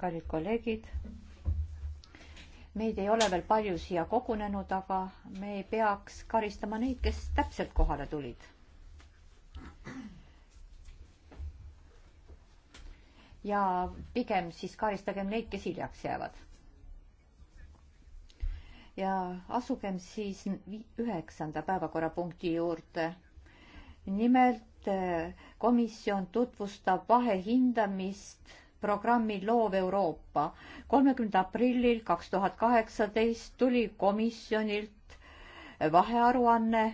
kallid kolleegid, meid ei ole veel palju siia kogunenud, aga me ei peaks karistama neid, kes täpselt kohale tulid. ja pigem siis karistagem neid, kes hiljaks jäävad. ja asugem siis üheksanda päevakorrapunkti juurde. nimelt eh, komisjon tutvustab vahehindamist programmi Loov Euroopa. kolmekümnenda aprillil kaks tuhat kaheksateist tuli komisjonilt vahearuanne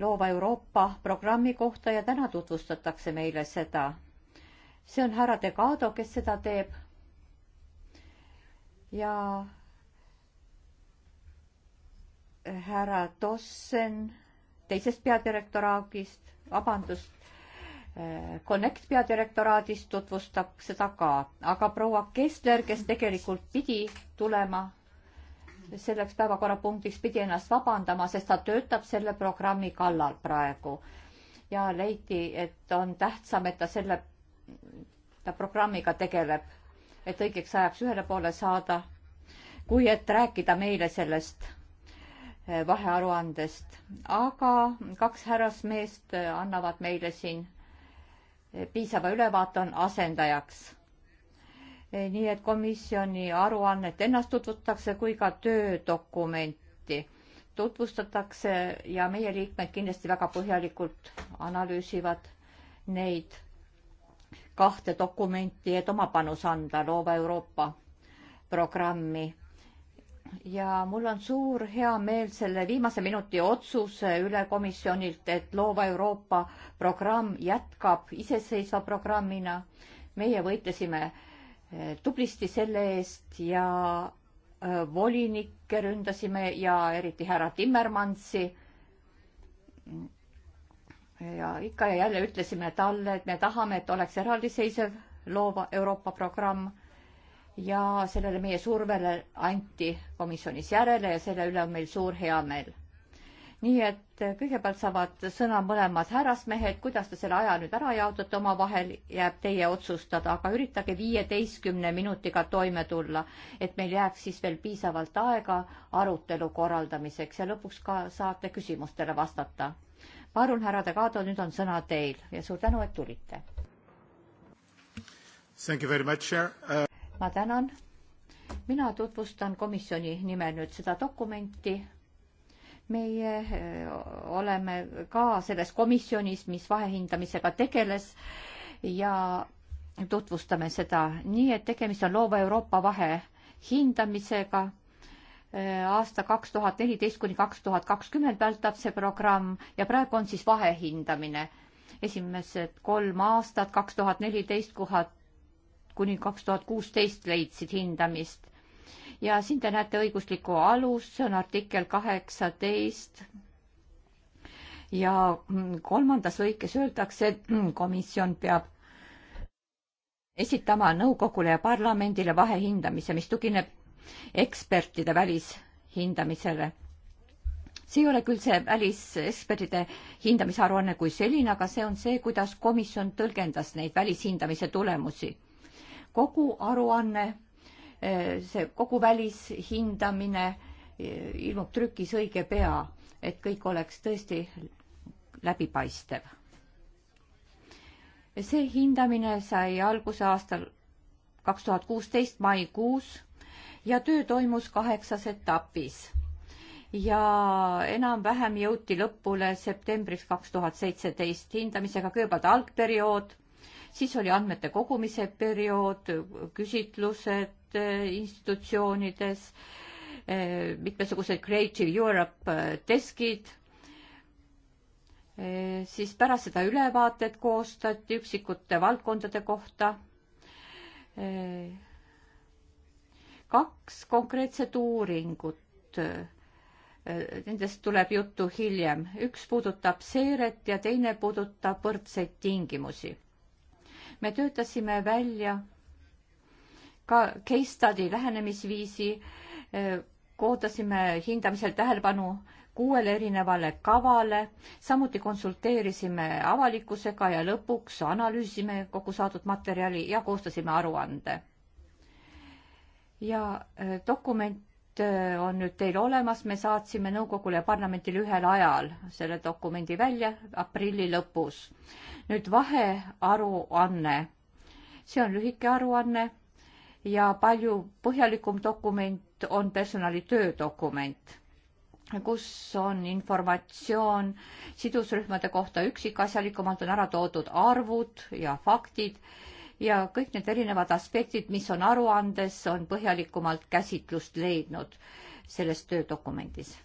Loova Euroopa programmi kohta ja täna tutvustatakse meile seda. see on härra Degado, kes seda teeb. ja härra Tossen teisest peadirektoraagist, vabandust, Connect peadirektoraadis tutvustab seda ka, aga proua Kessler, kes tegelikult pidi tulema selleks päevakorrapunktiks, pidi ennast vabandama, sest ta töötab selle programmi kallal praegu ja leiti, et on tähtsam, et ta selle, ta programmiga tegeleb, et õigeks ajaks ühele poole saada, kui et rääkida meile sellest eh, vahearuandest, aga kaks härrasmeest eh, annavad meile siin piisava ülevaate on asendajaks. Eh, nii et komisjoni aruannet ennast tutvustatakse kui ka töödokumenti tutvustatakse ja meie liikmed kindlasti väga põhjalikult analüüsivad neid kahte dokumenti, et oma panus anda loova Euroopa programmi ja mul on suur heameel selle viimase minuti otsuse üle komisjonilt, et Loova Euroopa programm jätkab iseseisva programmina. meie võitlesime eh, tublisti selle eest ja eh, volinikke ründasime ja eriti härra Timmermansi. ja ikka ja jälle ütlesime talle, et me tahame, et oleks eraldiseisev loova Euroopa programm ja sellele meie survele anti komisjonis järele ja selle üle on meil suur heameel. nii et kõigepealt saavad sõna mõlemad härrasmehed, kuidas te selle aja nüüd ära jaotate omavahel, jääb teie otsustada, aga üritage viieteistkümne minutiga toime tulla, et meil jääks siis veel piisavalt aega arutelu korraldamiseks ja lõpuks ka saate küsimustele vastata. palun, härra De Cado, nüüd on sõna teil ja suur tänu, et tulite. Thank you very much, Chair. Uh ma tänan. mina tutvustan komisjoni nimel nüüd seda dokumenti. meie eh, oleme ka selles komisjonis, mis vahehindamisega tegeles ja tutvustame seda nii, et tegemist on loova Euroopa vahehindamisega eh, aasta kaks tuhat neliteist kuni kaks tuhat kakskümmend vältab see programm ja praegu on siis vahehindamine. esimesed kolm aastat, kaks tuhat neliteist, tuhat kuni kaks tuhat kuusteist leidsid hindamist. ja siin te näete õiguslikku alust, see on artikkel kaheksateist ja kolmandas lõikes öeldakse, et komisjon peab esitama nõukogule ja parlamendile vahehindamise, mis tugineb ekspertide välishindamisele. see ei ole küll see välisekspertide hindamise aruanne kui selline, aga see on see, kuidas komisjon tõlgendas neid välishindamise tulemusi kogu aruanne, see kogu välishindamine ilmub trükis õige pea, et kõik oleks tõesti läbipaistev. see hindamine sai alguse aastal kaks tuhat kuusteist maikuus ja töö toimus kaheksas etapis. ja enam-vähem jõuti lõpule septembriks kaks tuhat seitseteist hindamisega kõigepealt algperiood siis oli andmete kogumise periood, küsitlused eh, institutsioonides, eh, mitmesugused Creative Europe teskid, eh, siis pärast seda ülevaated koostati üksikute valdkondade kohta. kaks konkreetset uuringut nendest tuleb juttu hiljem. üks puudutab seiret ja teine puudutab võrdseid tingimusi me töötasime välja ka case study lähenemisviisi, e, koodasime hindamisel tähelepanu kuuele erinevale kavale, samuti konsulteerisime avalikkusega ja lõpuks analüüsime kogu saadud materjali ja koostasime aruande. ja e, dokument Äh, on nüüd teil olemas, me saatsime nõukogule ja parlamendile ühel ajal selle dokumendi välja aprilli lõpus. nüüd vahearuanne, see on lühike aruanne ja palju põhjalikum dokument on personali töödokument, kus on informatsioon sidusrühmade kohta üksikasjalikumalt on ära toodud arvud ja faktid ja kõik need erinevad aspektid, mis on aruandes, on põhjalikumalt käsitlust leidnud selles töödokumendis.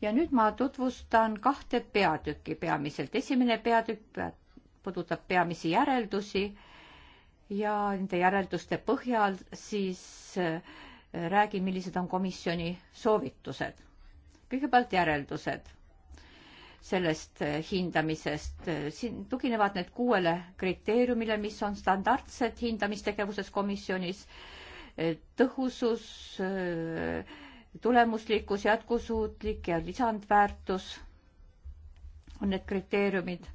ja nüüd ma tutvustan kahte peatükki peamiselt. esimene peatükk puudutab peamisi järeldusi ja nende järelduste põhjal siis äh, räägin, millised on komisjoni soovitused. kõigepealt järeldused sellest äh, hindamisest. Äh, siin tuginevad need kuuele kriteeriumile, mis on standardsed hindamistegevuses komisjonis. Äh, tõhusus, tulemuslikkus, jätkusuutlik ja lisandväärtus on need kriteeriumid.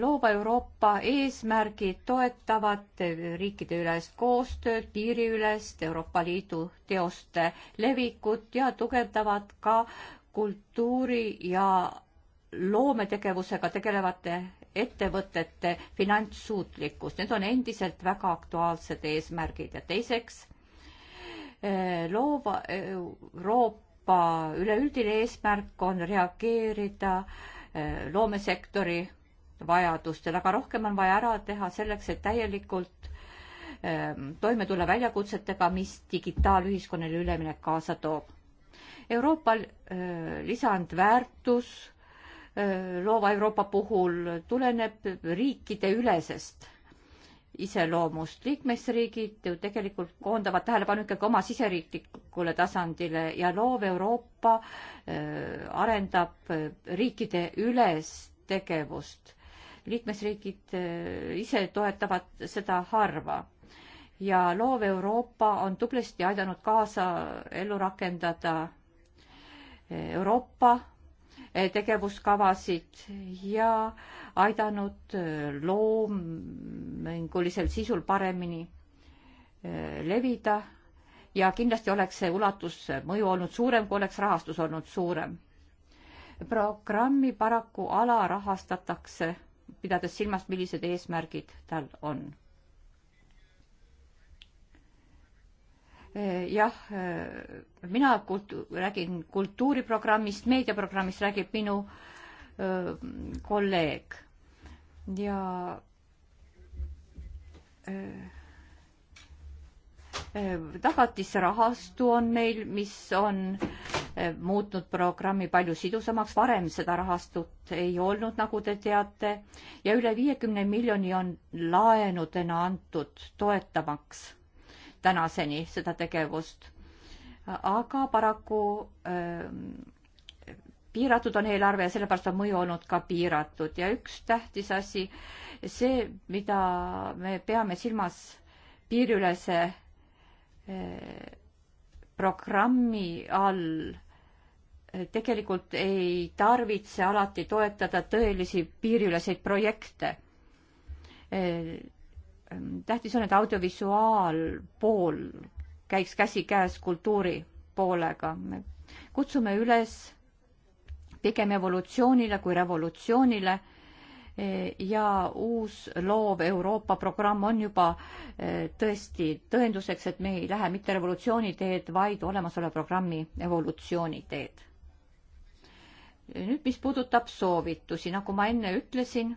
loova Euroopa eesmärgid toetavad riikideülest koostööd, piiriülest Euroopa Liidu teoste levikut ja tugevdavad ka kultuuri ja loometegevusega tegelevate ettevõtete finantssuutlikkus, need on endiselt väga aktuaalsed eesmärgid ja teiseks eh, loova Euroopa üleüldine eesmärk on reageerida eh, loomesektori vajadustel, aga rohkem on vaja ära teha selleks, et täielikult eh, toime tulla väljakutsetega, mis digitaalühiskonnale üleminek kaasa toob Euroopal äh, lisandväärtus äh, loova Euroopa puhul tuleneb riikide ülesest iseloomust. liikmesriigid ju tegelikult koondavad tähelepanu ikkagi oma siseriiklikule tasandile ja loov Euroopa äh, arendab riikide üles tegevust. liikmesriigid ise toetavad seda harva ja loov Euroopa on tublisti aidanud kaasa ellu rakendada Euroopa eh, tegevuskavasid ja aidanud eh, loomingulisel sisul paremini eh, levida ja kindlasti oleks see ulatus, mõju olnud suurem, kui oleks rahastus olnud suurem. programmi paraku alarahastatakse, pidades silmas, millised eesmärgid tal on jah, äh, mina kult-, räägin kultuuriprogrammist, meediaprogrammist räägib minu öö, äh, kolleeg ja öö, äh, tagatisrahastu on meil, mis on muutnud programmi palju sidusamaks, varem seda rahastut ei olnud, nagu te teate, ja üle viiekümne miljoni on laenudena antud toetamaks tänaseni seda tegevust. aga paraku äh, piiratud on eelarve ja sellepärast on mõju olnud ka piiratud ja üks tähtis asi, see, mida me peame silmas piiriülese äh, programmi all äh, tegelikult ei tarvitse alati toetada tõelisi piiriüleseid projekte tähtis on, et audiovisuaalpool käiks käsikäes kultuuri poolega. me kutsume üles pigem evolutsioonile kui revolutsioonile e, ja uus loov Euroopa programm on juba e, tõesti tõenduseks, et me ei lähe mitte revolutsiooni teed, vaid olemasoleva programmi evolutsiooni teed. nüüd, mis puudutab soovitusi, nagu ma enne ütlesin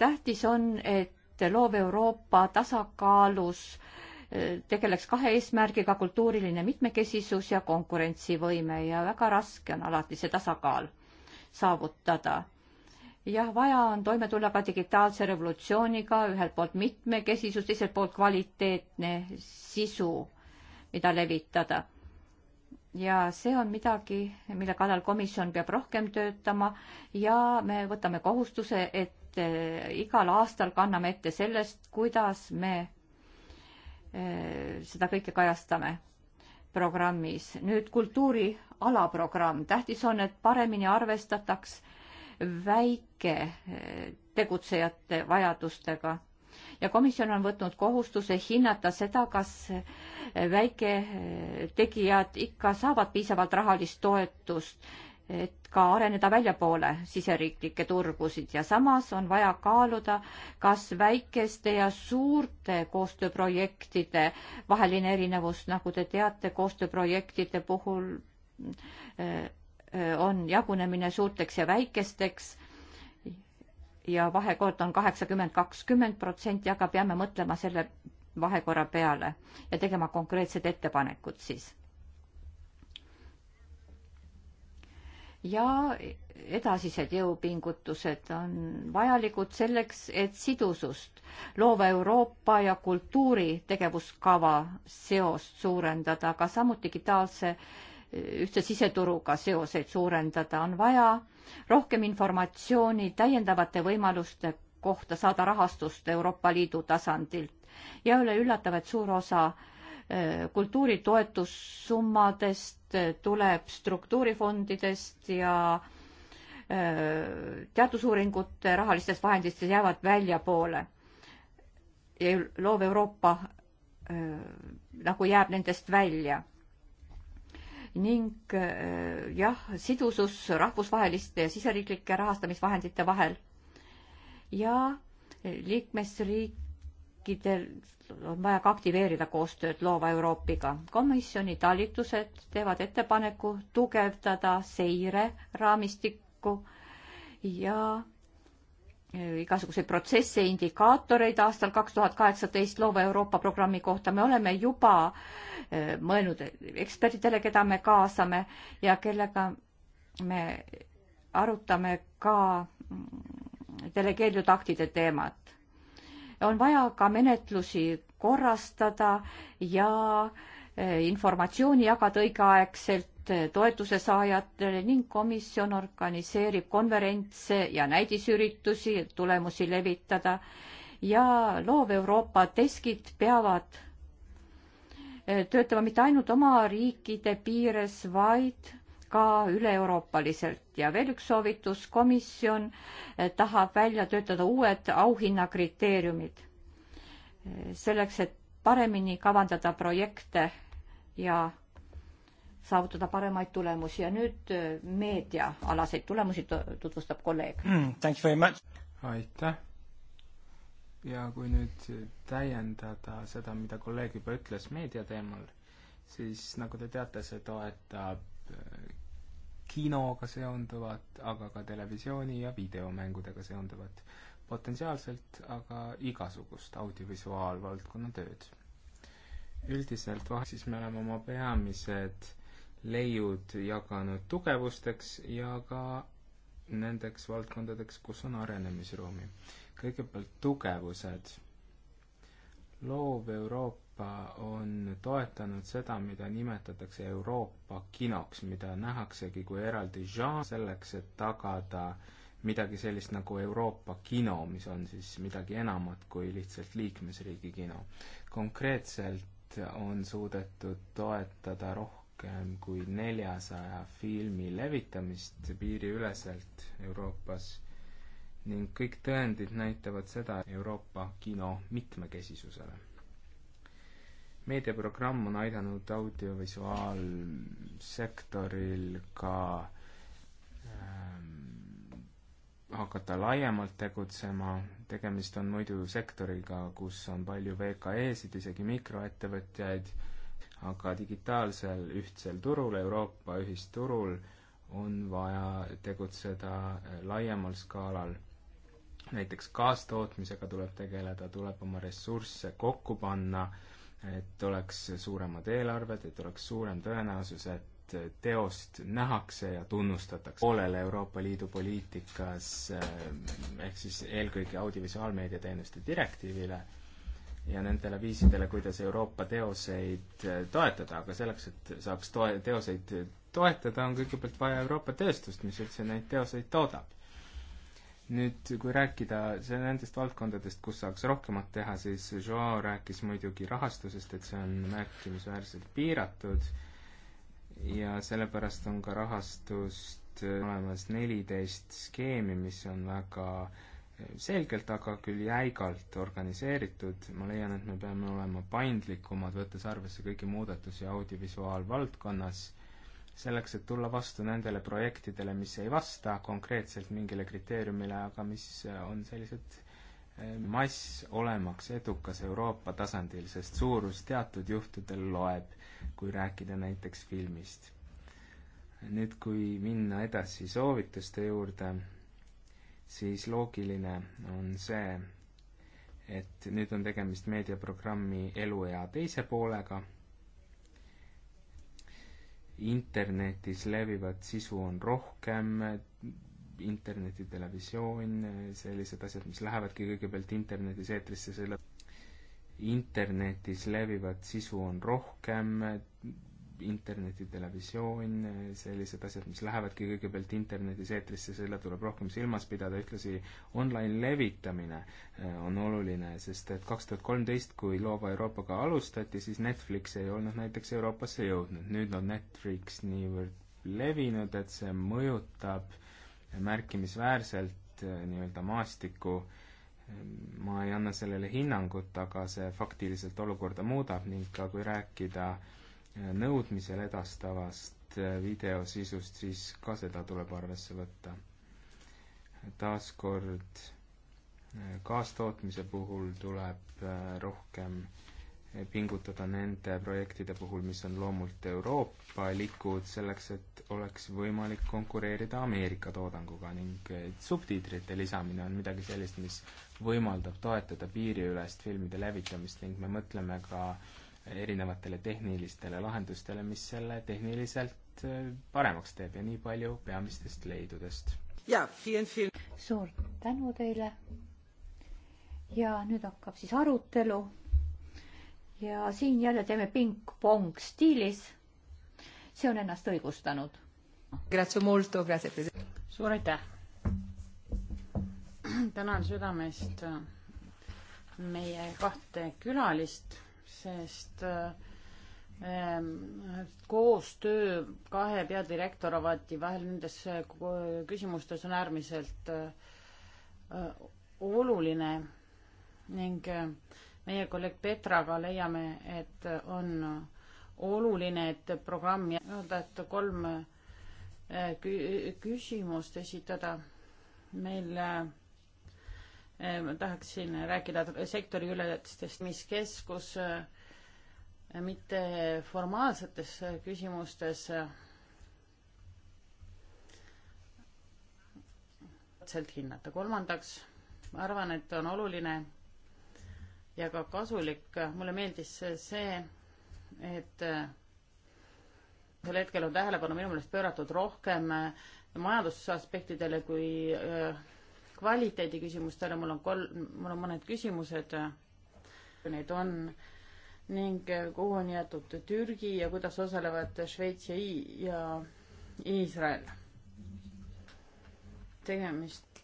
tähtis on, et loov Euroopa tasakaalus e, tegeleks kahe eesmärgiga, kultuuriline mitmekesisus ja konkurentsivõime ja väga raske on alati see tasakaal saavutada. jah, vaja on toime tulla ka digitaalse revolutsiooniga, ühelt poolt mitmekesisus, teiselt poolt kvaliteetne sisu, mida levitada. ja see on midagi, mille kallal komisjon peab rohkem töötama ja me võtame kohustuse, et ette, äh, igal aastal kanname ette sellest, kuidas me äh, seda kõike kajastame programmis. nüüd kultuuri alaprogramm, tähtis on, et paremini arvestataks väiketegutsejate äh, vajadustega ja komisjon on võtnud kohustuse hinnata seda, kas väiketegijad ikka saavad piisavalt rahalist toetust et ka areneda väljapoole siseriiklikke turgusid ja samas on vaja kaaluda, kas väikeste ja suurte koostööprojektide vaheline erinevus, nagu te teate, koostööprojektide puhul äh, äh, on jagunemine suurteks ja väikesteks ja vahekord on kaheksakümmend, kakskümmend protsenti, aga peame mõtlema selle vahekorra peale ja tegema konkreetsed ettepanekud siis ja edasised jõupingutused on vajalikud selleks, et sidusust, loova Euroopa ja kultuuri tegevuskava seost suurendada, aga samuti digitaalse ühtse siseturuga seoseid suurendada, on vaja rohkem informatsiooni täiendavate võimaluste kohta saada rahastust Euroopa Liidu tasandilt ja ei ole üllatav, et suur osa kultuuritoetussummadest tuleb struktuurifondidest ja äh, teadusuuringute rahalistest vahenditest jäävad väljapoole. ja loov Euroopa äh, nagu jääb nendest välja. ning äh, jah, sidusus rahvusvaheliste ja siseriiklike rahastamisvahendite vahel ja liikmesriik riikidel on vaja ka aktiveerida koostööd loova Euroopiga. komisjoni talitused teevad ettepaneku tugevdada seireraamistikku ja e, igasuguseid protsesse, indikaatoreid aastal kaks tuhat kaheksateist loova Euroopa programmi kohta. me oleme juba e, mõelnud ekspertidele, keda me kaasame ja kellega me arutame ka delegeeritud aktide teemat on vaja ka menetlusi korrastada ja eh, informatsiooni jagada õigeaegselt eh, toetuse saajatele ning komisjon organiseerib konverentse ja näidisüritusi, et tulemusi levitada ja loov Euroopa teskid peavad eh, töötama mitte ainult oma riikide piires, vaid ka üle-euroopaliselt ja veel üks soovitus, komisjon eh, tahab välja töötada uued auhinnakriteeriumid eh, selleks, et paremini kavandada projekte ja saavutada paremaid tulemusi ja nüüd eh, meediaalaseid tulemusi tutvustab kolleeg. Hmm, aitäh! ja kui nüüd täiendada seda, mida kolleeg juba ütles meedia teemal, siis nagu te teate, see toetab kinoga seonduvat, aga ka televisiooni ja videomängudega seonduvat, potentsiaalselt aga igasugust audiovisuaalvaldkonna tööd. üldiselt vah-, siis me oleme oma peamised leiud jaganud tugevusteks ja ka nendeks valdkondadeks, kus on arenemisruumi. kõigepealt tugevused. loov Euroopa Euroopa on toetanud seda, mida nimetatakse Euroopa kinoks, mida nähaksegi kui eraldi žanr selleks, et tagada midagi sellist nagu Euroopa kino, mis on siis midagi enamat kui lihtsalt liikmesriigi kino. konkreetselt on suudetud toetada rohkem kui neljasaja filmi levitamist piiriüleselt Euroopas ning kõik tõendid näitavad seda Euroopa kino mitmekesisusele meediaprogramm on aidanud audiovisuaalsektoril ka ähm, hakata laiemalt tegutsema, tegemist on muidu sektoriga, kus on palju VKE-sid, isegi mikroettevõtjaid, aga digitaalsel ühtsel turul, Euroopa ühisturul on vaja tegutseda äh, laiemal skaalal. näiteks kaastootmisega tuleb tegeleda, tuleb oma ressursse kokku panna äh, et oleks suuremad eelarved, et oleks suurem tõenäosus, et teost nähakse ja tunnustatakse. poolele Euroopa Liidu poliitikas eh, ehk siis eelkõige audiovisuaalmeedia teenuste direktiivile ja nendele viisidele, kuidas Euroopa teoseid eh, toetada, aga selleks, et saaks toe-, teoseid toetada, on kõigepealt vaja Euroopa tööstust, mis üldse neid teoseid toodab nüüd, kui rääkida nendest valdkondadest, kus saaks rohkemat teha, siis Joao rääkis muidugi rahastusest, et see on märkimisväärselt piiratud ja sellepärast on ka rahastust olemas neliteist skeemi, mis on väga selgelt, aga küll jäigalt organiseeritud. ma leian, et me peame olema paindlikumad, võttes arvesse kõiki muudatusi audiovisuaalvaldkonnas selleks, et tulla vastu nendele projektidele, mis ei vasta konkreetselt mingile kriteeriumile, aga mis on sellised eh, mass olemaks edukas Euroopa tasandil, sest suurus teatud juhtudel loeb, kui rääkida näiteks filmist. nüüd, kui minna edasi soovituste juurde, siis loogiline on see, et nüüd on tegemist meediaprogrammi Eluea teise poolega internetis levivat sisu on rohkem, interneti televisioon, sellised asjad, mis lähevadki kõigepealt internetis eetrisse, selle internetis levivat sisu on rohkem, interneti, televisioon, sellised asjad, mis lähevadki kõigepealt internetis eetrisse, selle tuleb rohkem silmas pidada, ühtlasi online levitamine eh, on oluline, sest et kaks tuhat kolmteist, kui loova Euroopaga alustati, siis Netflix ei olnud näiteks Euroopasse jõudnud, nüüd on Netflix niivõrd levinud, et see mõjutab märkimisväärselt eh, nii-öelda maastikku eh, ma ei anna sellele hinnangut, aga see faktiliselt olukorda muudab ning ka kui rääkida äh, nõudmisel edastavast videosisust, siis ka seda tuleb arvesse võtta. taaskord äh, kaastootmise puhul tuleb äh, rohkem äh, pingutada nende projektide puhul, mis on loomult euroopalikud, selleks et oleks võimalik konkureerida Ameerika toodanguga ning subtiitrite lisamine on midagi sellist, mis võimaldab toetada piiriülest filmide levitamist ning me mõtleme ka äh, erinevatele tehnilistele lahendustele, mis selle tehniliselt äh, paremaks teeb ja nii palju peamistest leidudest. jaa, suur tänu teile. ja nüüd hakkab siis arutelu. ja siin jälle teeme pingpong stiilis. see on ennast õigustanud. suur aitäh. tänan südamest äh, meie kahte külalist sest ähm, koostöö kahe peadirektoravati vahel nendes äh, küsimustes on äärmiselt äh, oluline ning äh, meie kolleeg Petraga leiame, et on oluline, et programmi öelda, et kolm küsimust esitada. meil ma ehm, tahaksin rääkida sektoriülestest, mis keskus eh, mitte formaalsetes eh, küsimustes täpselt hinnata. kolmandaks, ma arvan, et on oluline ja ka kasulik, mulle meeldis see, et eh, sel hetkel on tähelepanu minu meelest pööratud rohkem majandusaspektidele kui äh, kvaliteedi küsimustele, mul on kolm, mul on mõned küsimused, neid on, ning eh, kuhu on jäetud Türgi ja kuidas osalevad Šveits ja I- ja Iisrael. tegemist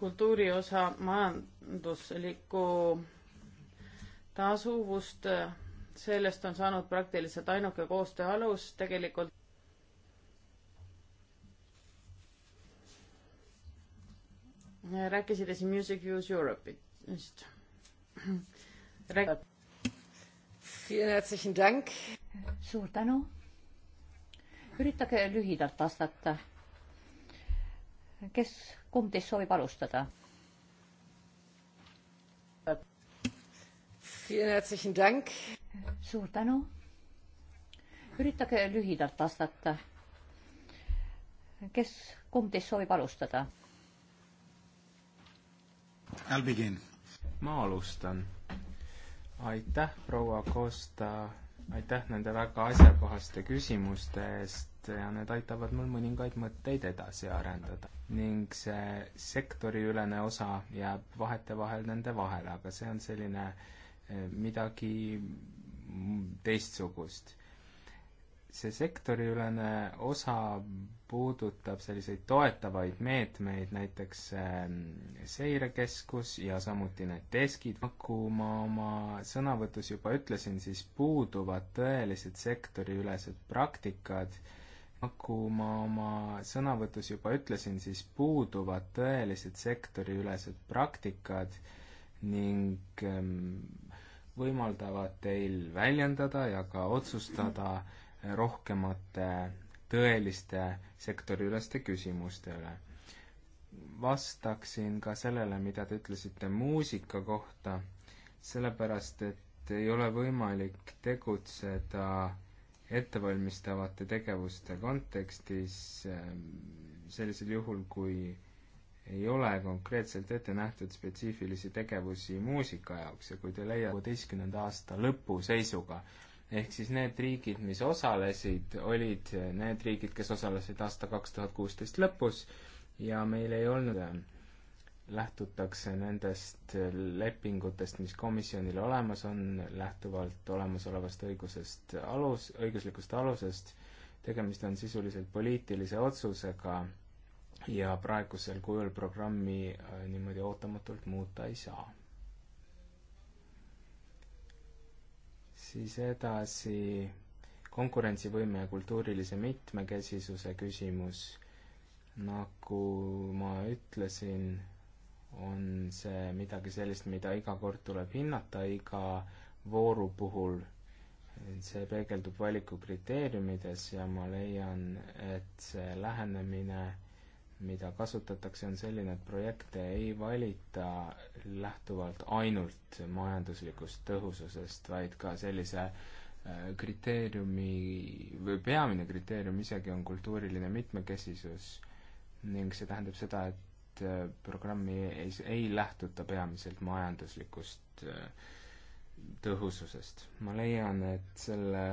kultuuri osa majanduslikku tasuvust, sellest on saanud praktiliselt ainuke koostöö alus, tegelikult rääkisid siin Music Use Europe'ist. suur tänu. üritage lühidalt vastata. kes, kumb teist soovib alustada? suur tänu. üritage lühidalt vastata. kes, kumb teist soovib alustada? I'll begin. ma alustan. aitäh, proua Costa, aitäh nende väga asjakohaste küsimuste eest ja need aitavad mul mõningaid mõtteid edasi arendada. ning see sektoriülene osa jääb vahetevahel nende vahele, aga see on selline eh, midagi teistsugust see sektoriülene osa puudutab selliseid toetavaid meetmeid, näiteks ähm, seirekeskus ja samuti need teskid. nagu ma oma sõnavõtus juba ütlesin, siis puuduvad tõelised sektoriülesed praktikad, nagu ma oma sõnavõtus juba ütlesin, siis puuduvad tõelised sektoriülesed praktikad ning ähm, võimaldavad teil väljendada ja ka otsustada mm, rohkemate tõeliste sektoriüleste küsimuste üle. vastaksin ka sellele, mida te ütlesite muusika kohta, sellepärast et ei ole võimalik tegutseda ettevalmistavate tegevuste kontekstis ehm, sellisel juhul, kui ei ole konkreetselt ette nähtud spetsiifilisi tegevusi muusika jaoks ja kui te leiate kuueteistkümnenda aasta lõpu seisuga ehk siis need riigid, mis osalesid, olid need riigid, kes osalesid aasta kaks tuhat kuusteist lõpus ja meil ei olnud, lähtutakse nendest lepingutest, mis komisjonil olemas on, lähtuvalt olemasolevast õigusest alus, õiguslikust alusest, tegemist on sisuliselt poliitilise otsusega ja praegusel kujul programmi äh, niimoodi ootamatult muuta ei saa siis edasi konkurentsivõime ja kultuurilise mitmekesisuse küsimus. nagu ma ütlesin, on see midagi sellist, mida iga kord tuleb hinnata iga vooru puhul. see peegeldub valikukriteeriumides ja ma leian, et see lähenemine mida kasutatakse, on selline, et projekte ei valita lähtuvalt ainult majanduslikust tõhususest, vaid ka sellise äh, kriteeriumi või peamine kriteerium isegi on kultuuriline mitmekesisus ning see tähendab seda, et äh, programmi ei, ei lähtuta peamiselt majanduslikust äh, tõhususest. ma leian, et selle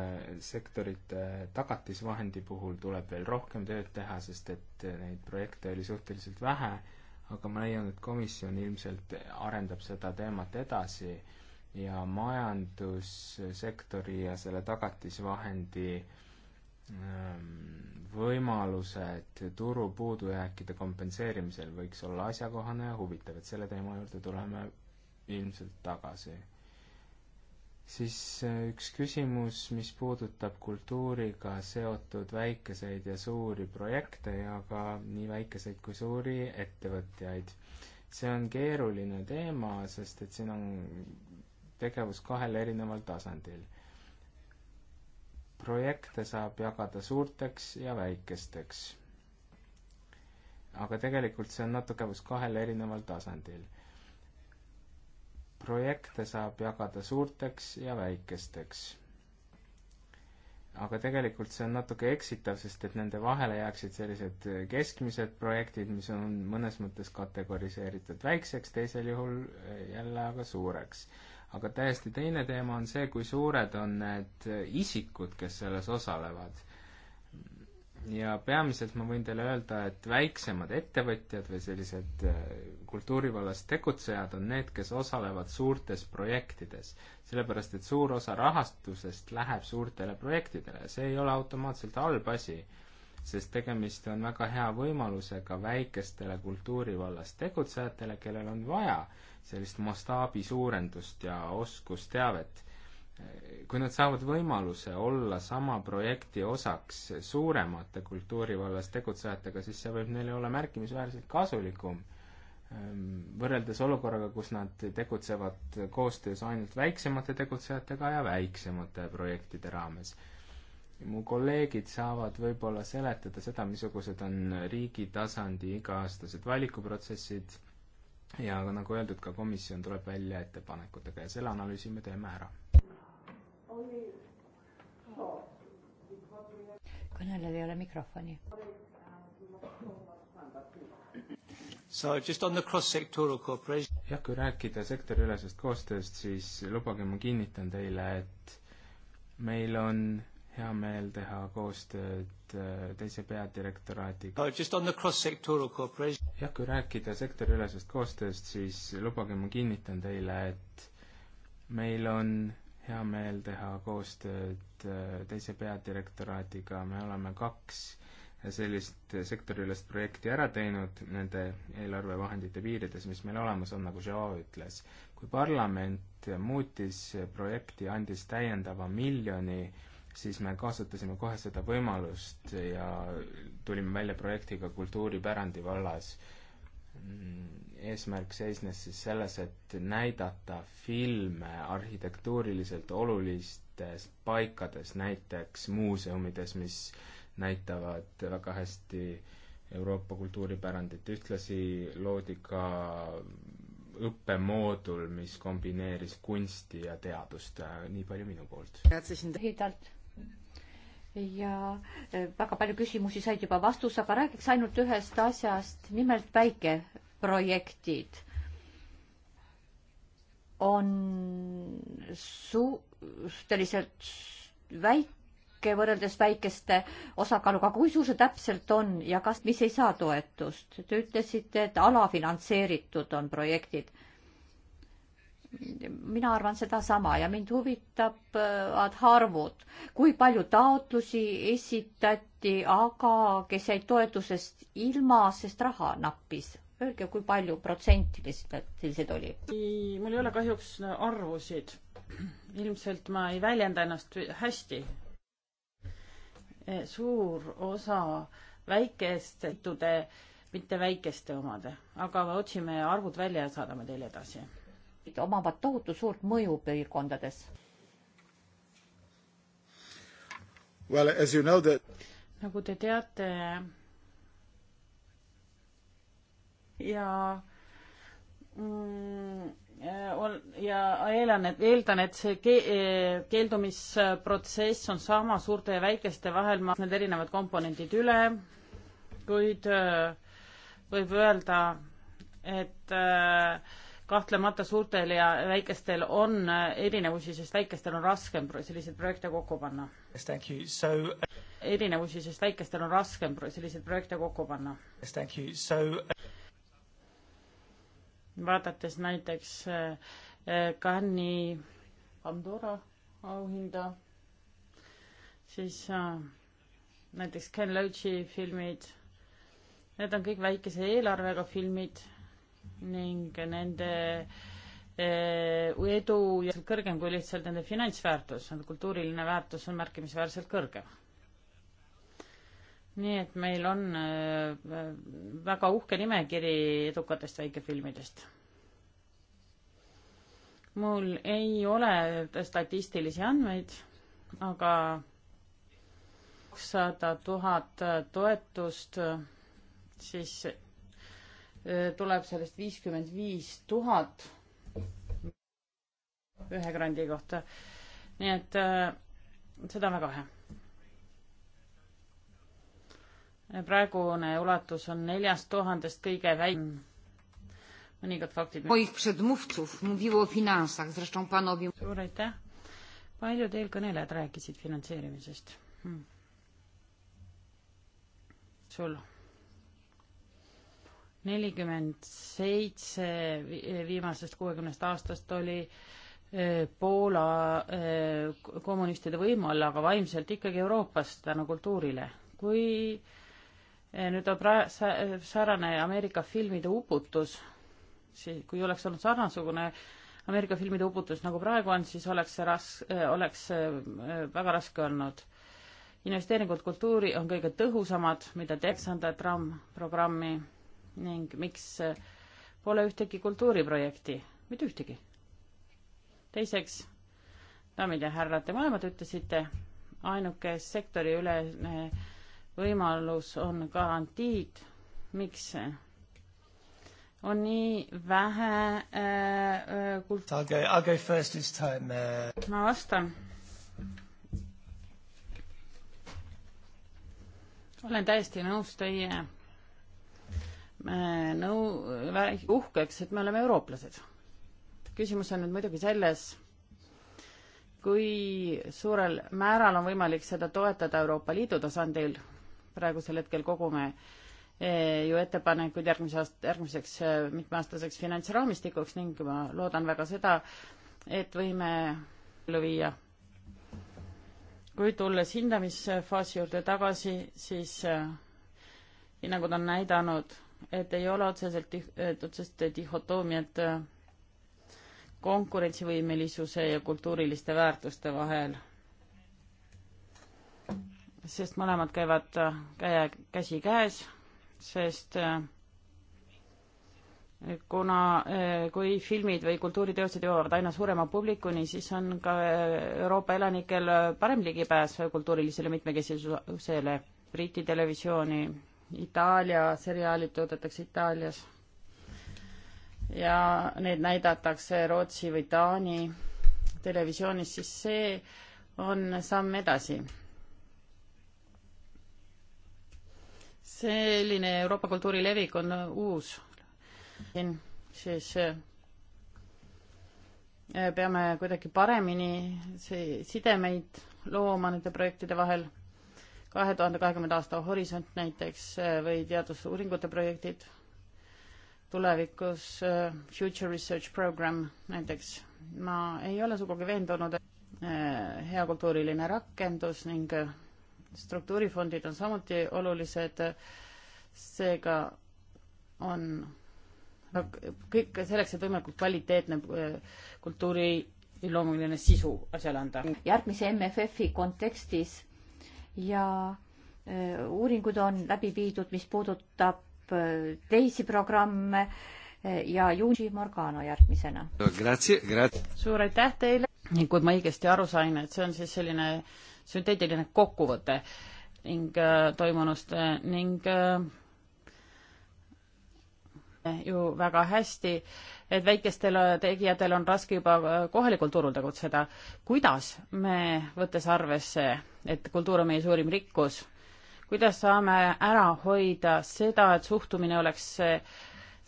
sektorite tagatisvahendi puhul tuleb veel rohkem tööd teha, sest et neid projekte oli suhteliselt vähe, aga ma leian, et komisjon ilmselt arendab seda teemat edasi ja majandussektori ja selle tagatisvahendi ähm, võimalused turu puudujääkide kompenseerimisel võiks olla asjakohane ja huvitav, et selle teema juurde tuleme ilmselt tagasi siis äh, üks küsimus, mis puudutab kultuuriga seotud väikeseid ja suuri projekte ja ka nii väikeseid kui suuri ettevõtjaid. see on keeruline teema, sest et siin on tegevus kahel erineval tasandil. projekte saab jagada suurteks ja väikesteks. aga tegelikult see on no, tegevus kahel erineval tasandil projekte saab jagada suurteks ja väikesteks. aga tegelikult see on natuke eksitav, sest et nende vahele jääksid sellised keskmised projektid, mis on mõnes mõttes kategoriseeritud väikseks, teisel juhul jälle aga suureks. aga täiesti teine teema on see, kui suured on need isikud, kes selles osalevad ja peamiselt ma võin teile öelda, et väiksemad ettevõtjad või sellised äh, kultuurivallas tegutsejad on need, kes osalevad suurtes projektides. sellepärast, et suur osa rahastusest läheb suurtele projektidele, see ei ole automaatselt halb asi, sest tegemist on väga hea võimalusega väikestele kultuurivallas tegutsejatele, kellel on vaja sellist mastaabi suurendust ja oskusteavet kui nad saavad võimaluse olla sama projekti osaks suuremate kultuurivallas tegutsejatega, siis see võib neile olla märkimisväärselt kasulikum ehm, võrreldes olukorraga, kus nad tegutsevad koostöös ainult väiksemate tegutsejatega ja väiksemate projektide raames. mu kolleegid saavad võib-olla seletada seda, missugused on riigi tasandi iga-aastased valikuprotsessid ja nagu öeldud, ka komisjon tuleb välja ettepanekutega ja selle analüüsi me teeme ära kõnelejal ei ole mikrofoni. jah, kui rääkida sektoriülesest koostööst, siis lubage, ma kinnitan teile, et meil on hea meel teha koostööd äh, teise peadirektoraadiga. jah, kui rääkida sektoriülesest koostööst, siis lubage, ma kinnitan teile, et meil on hea meel teha koostööd äh, teise peadirektoraadiga, me oleme kaks sellist sektoriülest projekti ära teinud nende eelarvevahendite piirides, mis meil olemas on, nagu Joao ütles. kui parlament muutis projekti, andis täiendava miljoni, siis me kasutasime kohe seda võimalust ja tulime välja projektiga kultuuripärandi vallas mm, eesmärk seisnes siis selles, et näidata filme arhitektuuriliselt olulistes paikades, näiteks muuseumides, mis näitavad väga hästi Euroopa kultuuripärandit, ühtlasi loodi ka õppemoodul, mis kombineeris kunsti ja teadust, nii palju minu poolt. lühidalt ja eh, väga palju küsimusi said juba vastuse, aga räägiks ainult ühest asjast, nimelt päike projektid on suhteliselt väike võrreldes väikeste osakaaluga, kui suur see täpselt on ja kas, mis ei saa toetust? Te ütlesite, et alafinantseeritud on projektid. mina arvan sedasama ja mind huvitab äh, ad arvud, kui palju taotlusi esitati, aga kes jäid toetusest ilma, sest raha nappis öelge, kui palju protsentiliselt selliseid oli? mul ei ole kahjuks arvusid. ilmselt ma ei väljenda ennast hästi. suur osa väikeste, mitte väikeste omade, aga otsime arvud välja ja saadame teile edasi. omavad tohutu suurt mõju piirkondades. Well, as you know that nagu te teate, ja mm, ja eelan, et eeldan, et see keeldumisprotsess on sama suurte ja väikeste vahel, ma need erinevad komponendid üle, kuid äh, võib öelda, et äh, kahtlemata suurtel ja väikestel on äh, erinevusi, sest väikestel on raskem selliseid projekte kokku panna yes,. So... Uh, erinevusi, sest väikestel on raskem selliseid projekte kokku panna yes,. So... Uh, vaadates näiteks eh, Cannes'i Pandora auhinda, siis eh, näiteks Ken Loachi filmid, need on kõik väikese eelarvega filmid ning nende eh, edu ja kõrgem kui lihtsalt nende finantsväärtus, nende kultuuriline väärtus on märkimisväärselt kõrgem nii et meil on äh, väga uhke nimekiri edukatest väikefilmidest. mul ei ole statistilisi andmeid, aga kakssada tuhat toetust, siis äh, tuleb sellest viiskümmend viis tuhat ühe grandi kohta. nii et äh, seda on väga vähe praegune ulatus on neljast tuhandest kõige väiksem. mõningad faktid. suur aitäh. paljud eelkõnelejad rääkisid finantseerimisest hmm.. sul? nelikümmend seitse viimasest kuuekümnest aastast oli Poola kommunistide võimu all, aga vaimselt ikkagi Euroopas tänu kultuurile. kui äh, Eh, nüüd on praegu sarnane Ameerika filmide uputus, kui oleks olnud sarnasugune Ameerika filmide uputus nagu praegu on, siis oleks see ras-, eh, oleks eh, väga raske olnud. investeeringud kultuuri on kõige tõhusamad, mida teeks anda tramm programmi ning miks pole ühtegi kultuuriprojekti, mitte ühtegi. teiseks, daamid ja härrad, te mõlemad ütlesite, ainuke sektoriülene äh, võimalus on garantiid, miks on nii vähe äh, äh kult-. Uh, ma vastan. olen täiesti nõus teie äh, nõu-, uhkeks, et me oleme eurooplased. küsimus on nüüd muidugi selles, kui suurel määral on võimalik seda toetada Euroopa Liidu tasandil praegusel hetkel kogume eh, ju ettepanekuid järgmise aasta, järgmiseks eh, mitmeaastaseks finantsraamistikuks ning ma loodan väga seda, et võime ellu viia. kui tulles hindamisfaasi juurde tagasi, siis hinnangud eh, on näidanud, et ei ole otseselt, otsest dihhotoomiat konkurentsivõimelisuse ja kultuuriliste väärtuste vahel sest mõlemad käivad käe, käsikäes, sest eh, kuna, eh, kui filmid või kultuuriteosed jõuavad aina suurema publikuni, siis on ka Euroopa elanikel parem ligipääs kultuurilisele mitmekesisusele. Briti televisiooni, Itaalia seriaalid toodetakse Itaalias ja neid näidatakse Rootsi või Taani televisioonis, siis see on samm edasi selline Euroopa kultuuri levik on uus. siin siis äh, peame kuidagi paremini see sidemeid looma nende projektide vahel. kahe tuhande kahekümnenda aasta Horisont näiteks äh, või teadusuuringute projektid, tulevikus äh, Future Research Program näiteks. ma ei ole sugugi veendunud, et hea kultuuriline rakendus ning struktuurifondid on samuti olulised, seega on kõik selleks, et võimalikult kvaliteetne eh, kultuuri loomuline sisu asjale anda. järgmise MFF-i kontekstis ja eh, uuringud on läbi viidud, mis puudutab eh, teisi programme ja Juuni Morgano järgmisena. suur aitäh teile, kui ma õigesti aru sain, et see on siis selline sünteetiline kokkuvõte ning äh, toimunust äh, ning äh, ju väga hästi, et väikestel tegijatel on raske juba kohalikul turul tegutseda. kuidas me, võttes arvesse, et kultuur on meie suurim rikkus, kuidas saame ära hoida seda, et suhtumine oleks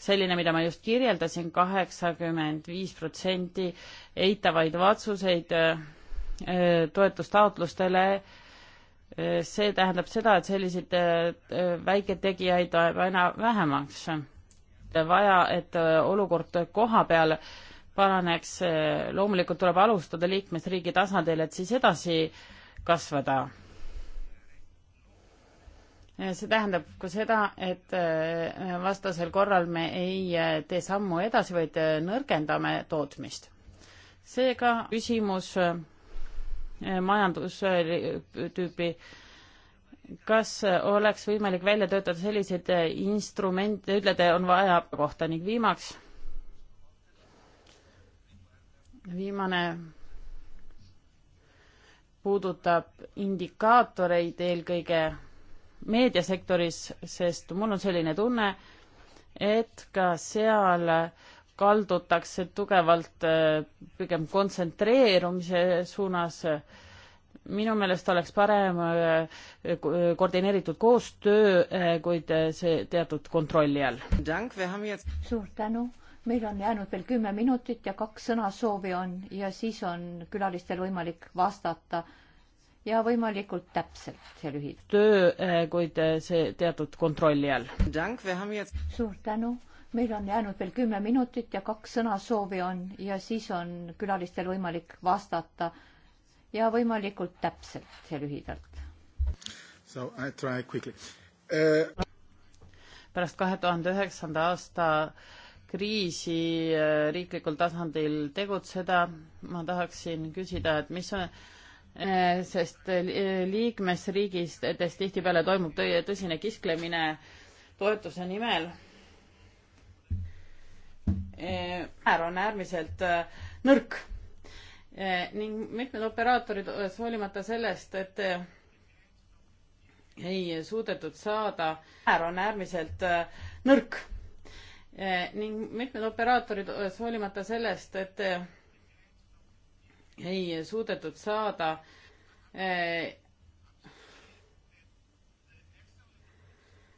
selline, mida ma just kirjeldasin, kaheksakümmend viis protsenti eitavaid vastuseid Äh, toetustaotlustele. Äh, see tähendab seda, et selliseid äh, väiketegijaid jääb aina vähemaks. vaja, et olukord koha peal paraneks, loomulikult tuleb alustada liikmesriigi tasandil, et siis edasi kasvada. see tähendab ka seda, et vastasel korral me ei tee sammu edasi, vaid nõrgendame tootmist. seega küsimus Eh, majandustüüpi. kas oleks võimalik välja töötada selliseid eh, instrumente, ütlete, on vaja kohta ning viimaks, viimane puudutab indikaatoreid eelkõige meediasektoris, sest mul on selline tunne, et ka seal äh, kaldutakse tugevalt äh, pigem kontsentreerumise suunas. minu meelest oleks parem äh, koordineeritud koostöö, äh, kuid see teatud kontrolli all. suur tänu, meil on jäänud veel kümme minutit ja kaks sõnasoovi on ja siis on külalistel võimalik vastata ja võimalikult täpselt ja lühidalt. töö, kuid see teatud kontrolli all. suur tänu meil on jäänud veel kümme minutit ja kaks sõnasoovi on ja siis on külalistel võimalik vastata ja võimalikult täpselt ja lühidalt. So I try quickly uh.... pärast kahe tuhande üheksanda aasta kriisi äh, riiklikul tasandil tegutseda, ma tahaksin küsida, et mis on äh, sest liikmesriigist tihtipeale toimub tõsine kisklemine toetuse nimel määr eh, on äärmiselt eh, nõrk eh, ning mitmed operaatorid, hoolimata sellest, et ei suudetud saada, määr on äärmiselt nõrk ning mitmed operaatorid, hoolimata sellest, et ei suudetud saada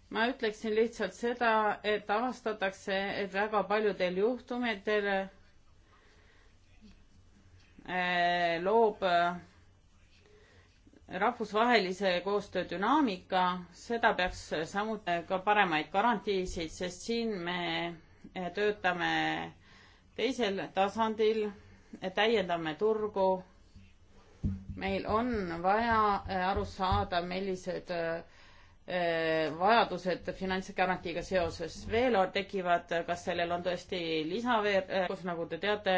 ma ütleksin lihtsalt seda, et avastatakse, et väga paljudel juhtumitel eh, loob eh, rahvusvahelise koostöö dünaamika, seda peaks samuti ka paremaid garantiisid, sest siin me eh, töötame teisel tasandil, täiendame turgu. meil on vaja aru saada, millised äh, Äh, vajadused finantsgarantiiga seoses veel tekivad, äh, kas sellel on tõesti lisaveerkus, äh, nagu te teate,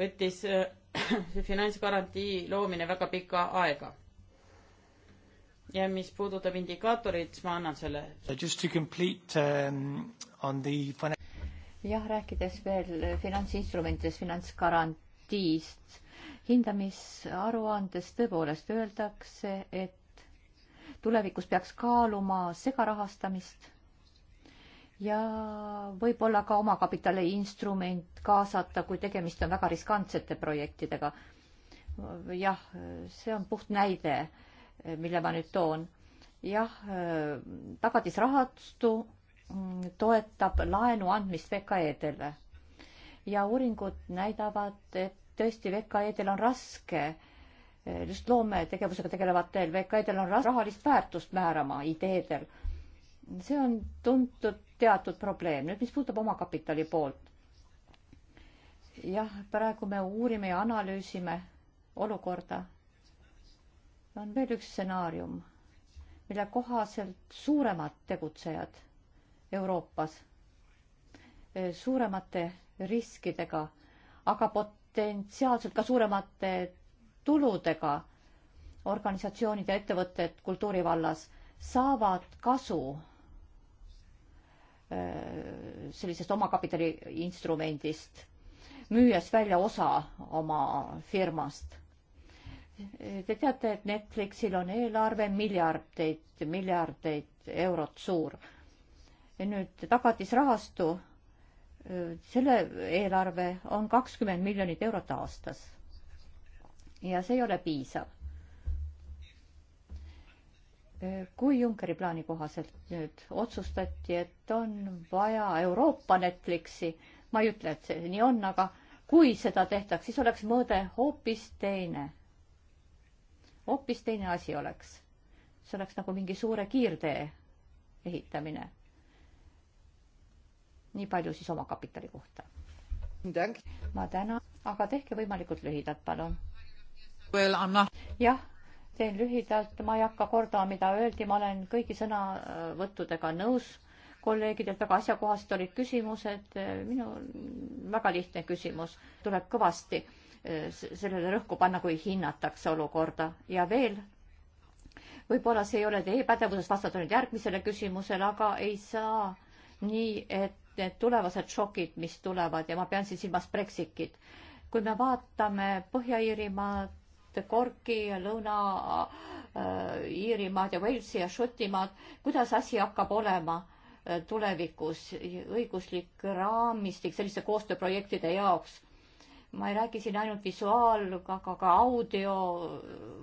võttis see finantsgarantii loomine väga pikka aega. ja mis puudutab indikaatorit, siis ma annan selle. Um, the... jah, rääkides veel finantsinstrumentidest, finantsgarantiist, hindamisaruandes tõepoolest öeldakse, et tulevikus peaks kaaluma segarahastamist ja võib-olla ka omakapitali instrument kaasata, kui tegemist on väga riskantsete projektidega. jah, see on puht näide, mille ma nüüd toon. jah, tagatisrahastu toetab laenu andmist VKE-dele ja uuringud näidavad, et tõesti VKE-del on raske äh, just loometegevusega tegelevatel VK-del on rahalist väärtust määrama ideedel. see on tuntud teatud probleem. nüüd, mis puudutab omakapitali poolt. jah, praegu me uurime ja analüüsime olukorda. on veel üks stsenaarium, mille kohaselt suuremad tegutsejad Euroopas eh, suuremate riskidega, aga potentsiaalselt ka suuremate tuludega organisatsioonid ja ettevõtted kultuurivallas saavad kasu äh, sellisest omakapitali instrumendist, müües välja osa oma firmast. Te teate, et Netflixil on eelarve miljardeid, miljardeid eurot suur. nüüd tagatisrahastu, äh, selle eelarve on kakskümmend miljonit eurot aastas ja see ei ole piisav. kui Junckeri plaani kohaselt nüüd otsustati, et on vaja Euroopa Netflixi, ma ei ütle, et see nii on, aga kui seda tehtaks, siis oleks mõõde hoopis teine. hoopis teine asi oleks. see oleks nagu mingi suure kiirtee ehitamine. nii palju siis omakapitali kohta. ma tänan, aga tehke võimalikult lühidalt, palun jah, teen lühidalt, ma ei hakka kordama, mida öeldi, ma olen kõigi sõnavõttudega nõus, kolleegidelt väga asjakohased olid küsimused, minu väga lihtne küsimus, tuleb kõvasti eh, sellele rõhku panna, kui hinnatakse olukorda ja veel võib-olla see ei ole teie pädevuses vastata nüüd järgmisele küsimusele, aga ei saa nii, et need tulevased šokid, mis tulevad ja ma pean siin silmas Brexitit, kui me vaatame Põhja-Iirimaad, Corki, Lõuna-Iirimaad äh, ja Walesi ja Šotimaad, kuidas asi hakkab olema äh, tulevikus, õiguslik raamistik selliste koostööprojektide jaoks? ma ei räägi siin ainult visuaal, aga ka, ka audio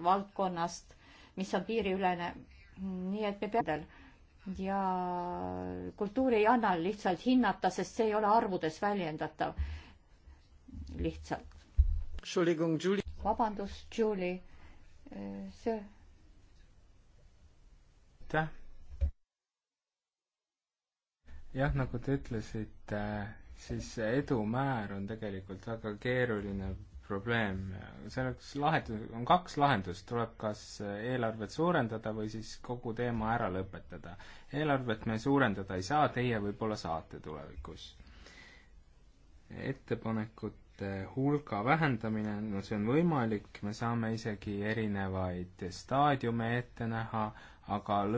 valdkonnast, mis on piiriülene. nii et me peame ja kultuuri ei anna lihtsalt hinnata, sest see ei ole arvudes väljendatav lihtsalt vabandust, Julie, see. aitäh. jah, nagu te ütlesite, siis edumäär on tegelikult väga keeruline probleem. selleks lahendus, on kaks lahendust, tuleb kas eelarvet suurendada või siis kogu teema ära lõpetada. eelarvet me suurendada ei saa, teie võib-olla saate tulevikus. ettepanekut nõuete hulga vähendamine, no see on võimalik, me saame isegi erinevaid staadiume ette näha, aga lõpp